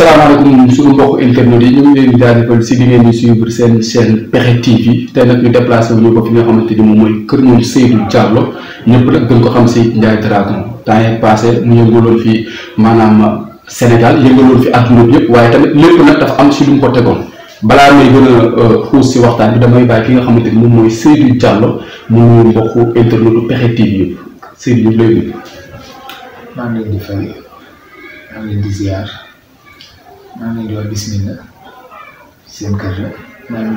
asalaamaaleykum suñu mbokk internet yi ñu ngi leen di jaajëfal si li ngeen di suivre seen chaîne Pexxe TV tey nag ñu déplacé wu ñu ko fi nga xamante ni moom mooy kër mooy Seydou Diallo ñëpp nag gën ko xam si Ndiaye Dragon temps yii passé fii maanaam Sénégal yëngaloon yëpp waaye tamit lépp nag dafa am si lu mu ko tegoon balaa may gën a euh, xuus si waxtaan bi damay bàyyi ki nga xamante ni moom mooy Seydou Diallo mu ngi mbokk internet bu Pexxe TV yëpp Seydou ñu ngi lay nuyu. maa maa ngi leen maa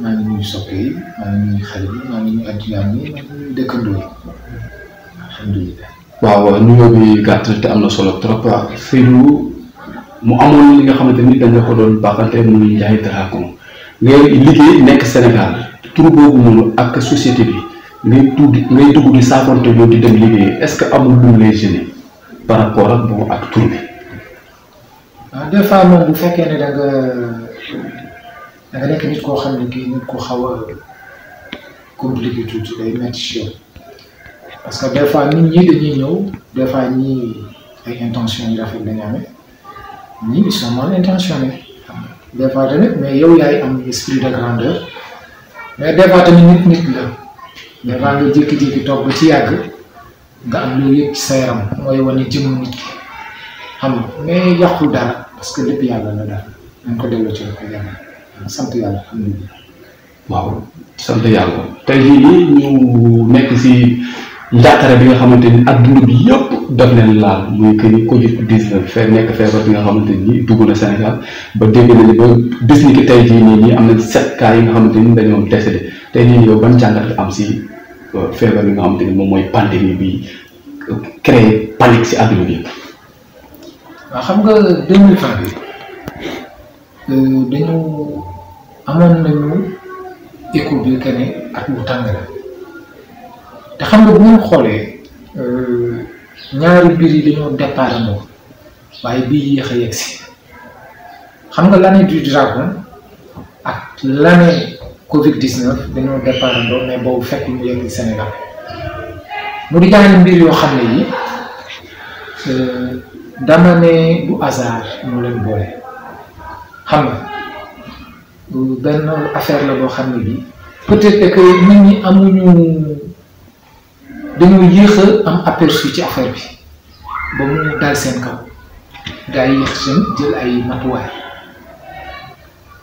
maa ngi nuyu soppe yi maa ngi nuyu xale gàtt te am na solo trop. waaw Seydou mu amoon li nga xamante ni dañ la ko doon baaxante muy Ndiaye Dracon ngay liggéey nekk Sénégal tur boobu noonu ak société bi ngay tudd ngay dugg di saafonte yow di dem liggéey est que amul lu mu lay gêner par rapport ak bon bi. waaw des moom bu fekkee ne da nga nekk nit koo xam ne kii nit ko xaw a compliqué tuuti day métti si yow parce que des fois nit ñi dañuy ñëw des fois ñii ay intention yu rafet dañu ñii ils sont mal intentionnés tamit mais yow yaay am esprit de grandeur mais des fois tamit nit nit la des fois nga jékki-jékki toog ba ci yàgg nga am loolu yëpp ci mooy wane jëmm nit ki mais yàqul dara. parce que lépp yàlla la daal dañ yàlla sant yàlla alhamdulilah. waaw sant yàlla tey jii ñu nekk si njàqare bi nga xamante ni adduna bi yëpp daf leen laal muy que ni covid fee nekk feebar bi nga xamante ni dugg na Sénégal ba dégg nañu ba bis ni ki tey jii nii am na sept cas yi nga xamante ni dañoo décédé tey jii nii yow ban jàngat am si euh, feebar bi nga xamante ni moom mooy pandémie bi euh, créé panique si adduna bi waaw xam nga deux mille vingt bi euh, dañu amoon nañu écho bi que ne at bu tàng la te xam nga bu ñu xoolee euh, ñaari biir yi dañoo départ waaye bii yéex a yegg si xam nga l'année du dragon ak l'année Covid 19 dañoo départ mais boobu fekk mu yegg Sénégal mu di ñaari mbir yoo xam ne yi. Euh, dama ne du hasard moo leen boole xam nga benn affaire la boo xam ne bi peut-être que nit ñi amuñu dañu yéex a am aperçu ci affaire bi ba mu dal seen kaw gaa yi seen jël ay matuwaay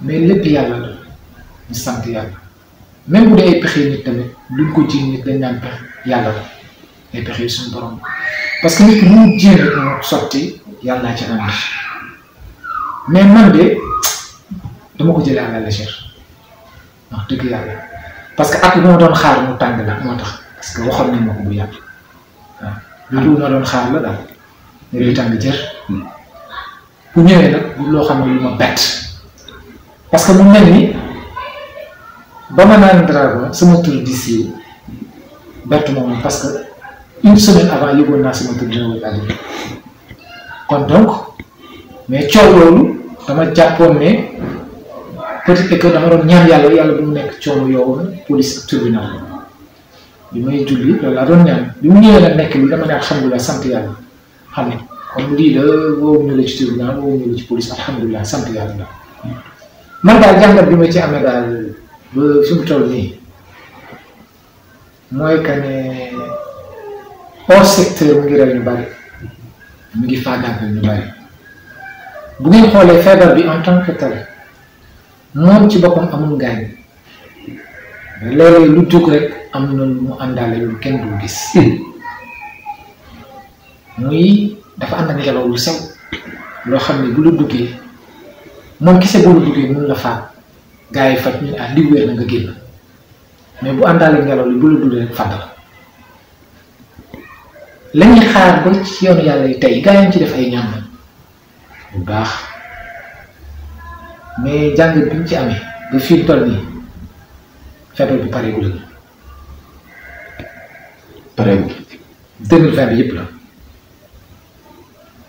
mais lépp yàlla la ñu sant yàlla même bu dee ay pexe nit tamit luñ ko jiiñ nit dañ naan pexe yàlla la ay pexe suñu borom parce que nit ki mu jéem a sotti yàlla naa ci ràññee mais man de dama ko jëlee à la légère wax dëgg yàlla parce que at bi doon xaar mu tàng la moo tax parce que waxoon nañ ma ko parce que mu mel ni ba naan Drago sama tur di siiw bettu ma moom parce que. une semaine avant yëgoon naa sama tur dina wër àddina kon donc mais coow loolu dama jàppoon ne peut-être que dama doon ñaan yàlla yàlla du mu nekk coow yow police ak tribunal bi may julli loolu doon ñaan bi mu ñëwee nag nekk bi dama ne alhamdulilah sant yàlla xam ne comme lii la woowu ñu ci tribunal woowu ñu ci police alhamdulilah sant yàlla la man daal jàngat bi ma ci amee daal ba fi toll nii mooy que hors secteur mu ngi rey ñu bari mu ngi faagaagal ñu bari bu ngeen xoolee feebar bi en tant que tel moom ci boppam amul ngaañ léeg lu jóg rek am na lu mu àndaale lu kenn du gis muy dafa ànd ak ngelaw lu sew loo xam ne bu la duggee moom kese bu la duggee mun la faat gars yi faj ñu ne ah li wér na nga génn mais bu àndaale ngelaw li bu la duggee rek la lañuy xaar ba ci yoonu yàlla yi tey gaa yi ci def ay ñaan bu baax mais jàngat bi ñu ci amee ba fii pare nii feebar bi pareegul pareegul deux mille vingt yëpp la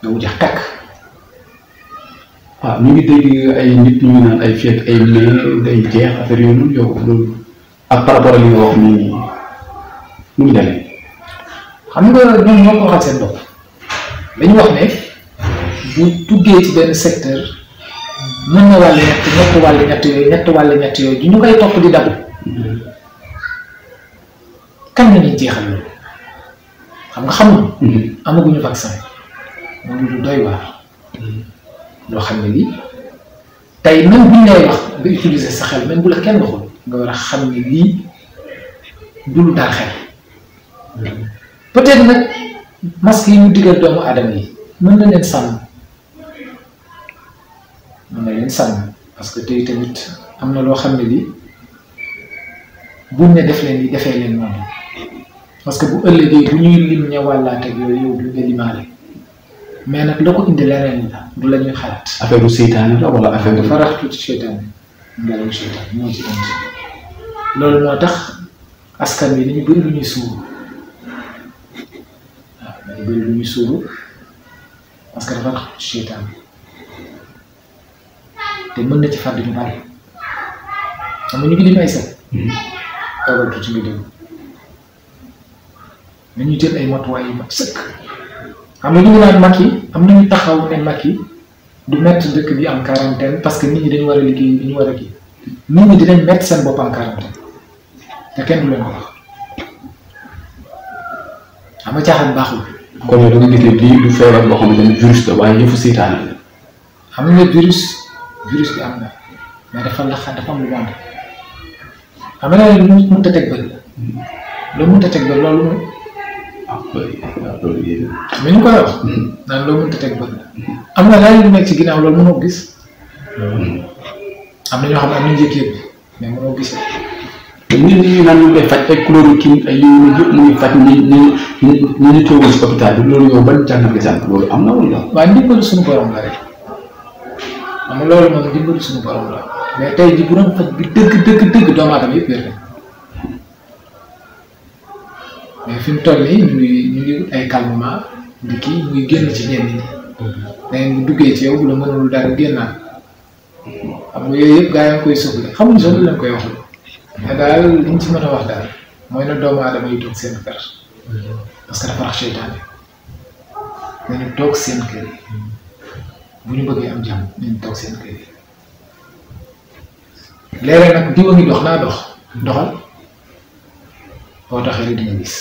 nga wujax takk waaw ñu ngi dégg ay nit ñu ngi naan ay féet ay mai day jeex affaire yooyu noonu yow loolu ak par li nga wax mu ngi demee xam nga ñoom ñoo ko waxal ne bu duggee ci benn secteur mën na wàll ñett ñett wàll du di dabu kan la ñuy jeexal nga xamul mm-hmm. amaguñu vaccin moom doy waar loo xam ne lii tey même buñ lay wax nga utiliser sa xel même bu la kenn waxul nga war a xam ne lii du lu daal xel peut-être nag masque yi mu digal doomu adama yi mën na leen sàmm mën na leen sàmm parce que tey tamit am na loo xam ne lii bu ne def leen yi defee leen noonu parce que bu ëllëgee bu ñuy lim ña wàllaate yooyu yow mais nag la ko la ñuy xalaat. affaire bu seytaane la wala affaire bu. farax tuuti seytaane moo loolu moo tax askan wi dañu bëri lu ñuy suur. bëri lu muy sóobu parce que dafa raxatu te mën na ci fàddu ñu bari xam nga ñu ngi ay set. jël ay matuwaay yu mat sëkk xam nga ñu ngi mag yi am na nañu taxaw ne mag yi du mettre dëkk bi en quarantaine parce que nit ñi dañu war a liggéey dañu war a kii nit ñi dinañ mettre seen bopp quarantaine te kenn du leen ko wax xam nga baaxul. kon yow da nga lii du feebar boo xamante ne virus la waaye yëfu seytaane la. xam nga virus virus am na mais dafa la xam dafa am lu mu xam nga loolu lu mënut a teg ba lu mënut a teg ba loolu a. mais koy wax. Mm-hmm. naan loo mënut a teg ba am na laaj yu nekk ci ginnaaw loolu mënoo gis. Mm-hmm. am na ñoo xam ne am na njëkk yëpp mais mënoo gis. nit ñi ñu naan ñu koy faj ay chloroquine ay yooyu yëpp muy faj ñi ñi ñi ñu toogul si hôpital bi loolu yow ban jàngat nga jàng loolu am na wala. waaw ndimbalu suñu borom la rek xam nga loolu moom ndimbalu suñu borom la mais tey ji bu doon faj bi dëgg dëgg dëgg doomu aadama yëpp wér mais fi mu toll nii ñu ngi ñu ngi ay calmement di kii muy génn ci ñenn ñi. mais bu duggee ci yow bu la mënul dara génnaat xam nga yooyu yëpp gaa yi koy soxla xamuñu soxla lañ koy wax. mais daal liñ ci mën a wax daal mooy na doomu aadama yi toog seen kër parce que dafa rax seytaane nañu toog seen kër bu ñu bëggee am jàmm nañu toog seen kër yi léeg-léeg nag ngi dox naa dox doxal boo taxee li dañu gis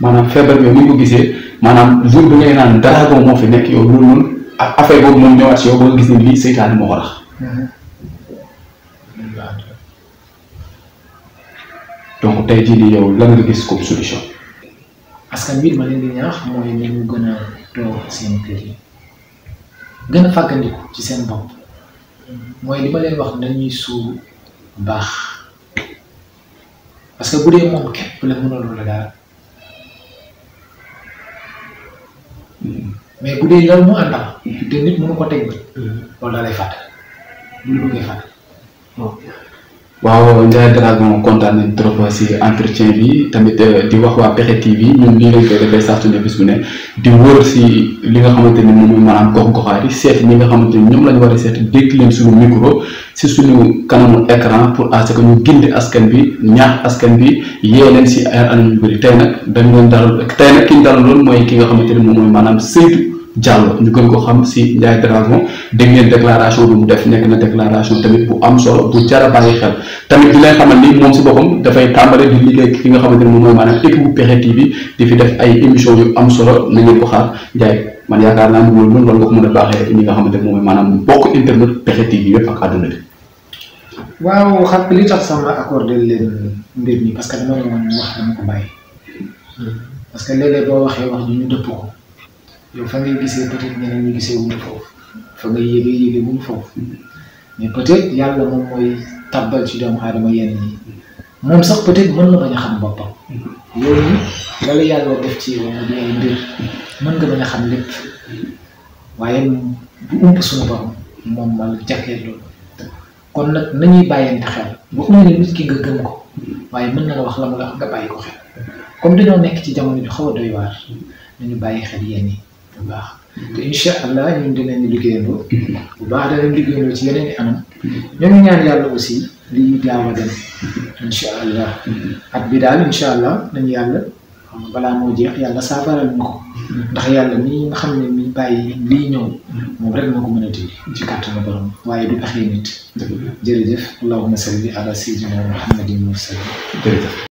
maanaam feebar bi ni ko gisee maanaam jour bi ngay naan dara boobu moo fi nekk yow loolu noonu affaire boobu moom ñëwaat si yow ba nga gis ne lii seytaane moo ko donc tey jii nii yow lan nga gis comme solution. askan wi ma leen di ñaax mooy ni ñu gën a toog seen kër gën a fàggandiku ci seen bopp mooy li ma leen wax nañuy baax parce que bu dee la mënaloo bu dee loolu mu àndal te nit mënu ko teg bët mm-hmm. loolu da lay fàtte lu bëggee fàtte. waaw Ndiaye Dragon kontaan nañ trop si entretien bi tamit euh, di wax waa pexe TV ñun lii lañ koy defee saa su ne bis bu ne di wër si li nga xamante ni moom mooy maanaam gox-goxaat yi seet ñi nga xamante ni ñoom la ñu war a seet dégg leen suñu micro si suñu kanamu écran pour à ce que ñu gindi askan bi ñaax askan bi yee leen si ay anam yu bëri tey nag dañ leen dalal tey nag ki ñu dalaloon mooy ki nga xamante ni moom mooy maanaam saytu. Diallo ñu gën ko xam si Ndiaye Dragon dégg ngeen déclaration bu def nekk na déclaration tamit bu am solo bu jar a bàyyi xel tamit di leen xamal ni moom si boppam dafay tàmbale di liggéey ki nga xamante ne moom mooy maanaam équipe bu Pexxe TV di fi def am solo na ngeen ko xaar Ndiaye man yaakaar naa ni loolu mën loolu nga ko mën a baaxee ñi nga xamante ne moom mooy maanaam bokk internet Pexxe TV yëpp ak àdduna bi. waaw xam nga li sama accordé leen mbir mi parce que dama ne woon wax dama ko bàyyi boo waxee wax ñu dëpp ko yow fa ngay gisee peut être ñeneen gisee wuñu foofu fa ngay yëgee yëgee wuñu foofu mais peut yàlla moom mooy tabbal ci doomu aadama yenn ñi moom sax peut être mën na bañ xam boppam. loolu la la def ci yow di ay nga a xam lépp waaye bu ump suñu borom moom ma la jàkkee kon nag nañuy bàyyante xel ba umu ne nit ki nga gëm ko waaye mën na la wax la mu la nga bàyyi ko xel comme dañoo nekk ci jamono ju xaw doy waar nañu bàyyi xel yenn yi bu baax te incha allah ñun dinañ liggéeyandoo mm-hmm. bu baax danañ liggéeyandoo ci yeneen i anam ñoo ñaan yàlla aussi lii gaaw a dem incha allah mm-hmm. at bi daal incha allah nañ yàlla balaa moo jeex yàlla saafaral ñu ko mm-hmm. ndax yàlla nii xam ne mi bàyyi lii ñëw moom rek moo ko mën a téye ci kàttanu borom waaye du pexe nit jërëjëf allahumma salli ala sayyidina muhammadin wa sallam